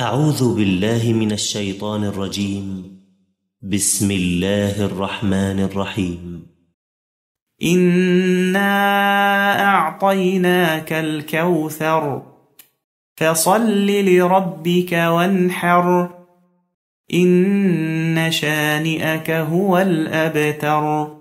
أعوذ بالله من الشيطان الرجيم بسم الله الرحمن الرحيم إنا أعطيناك الكوثر فصل لربك وانحر إن شانئك هو الأبتر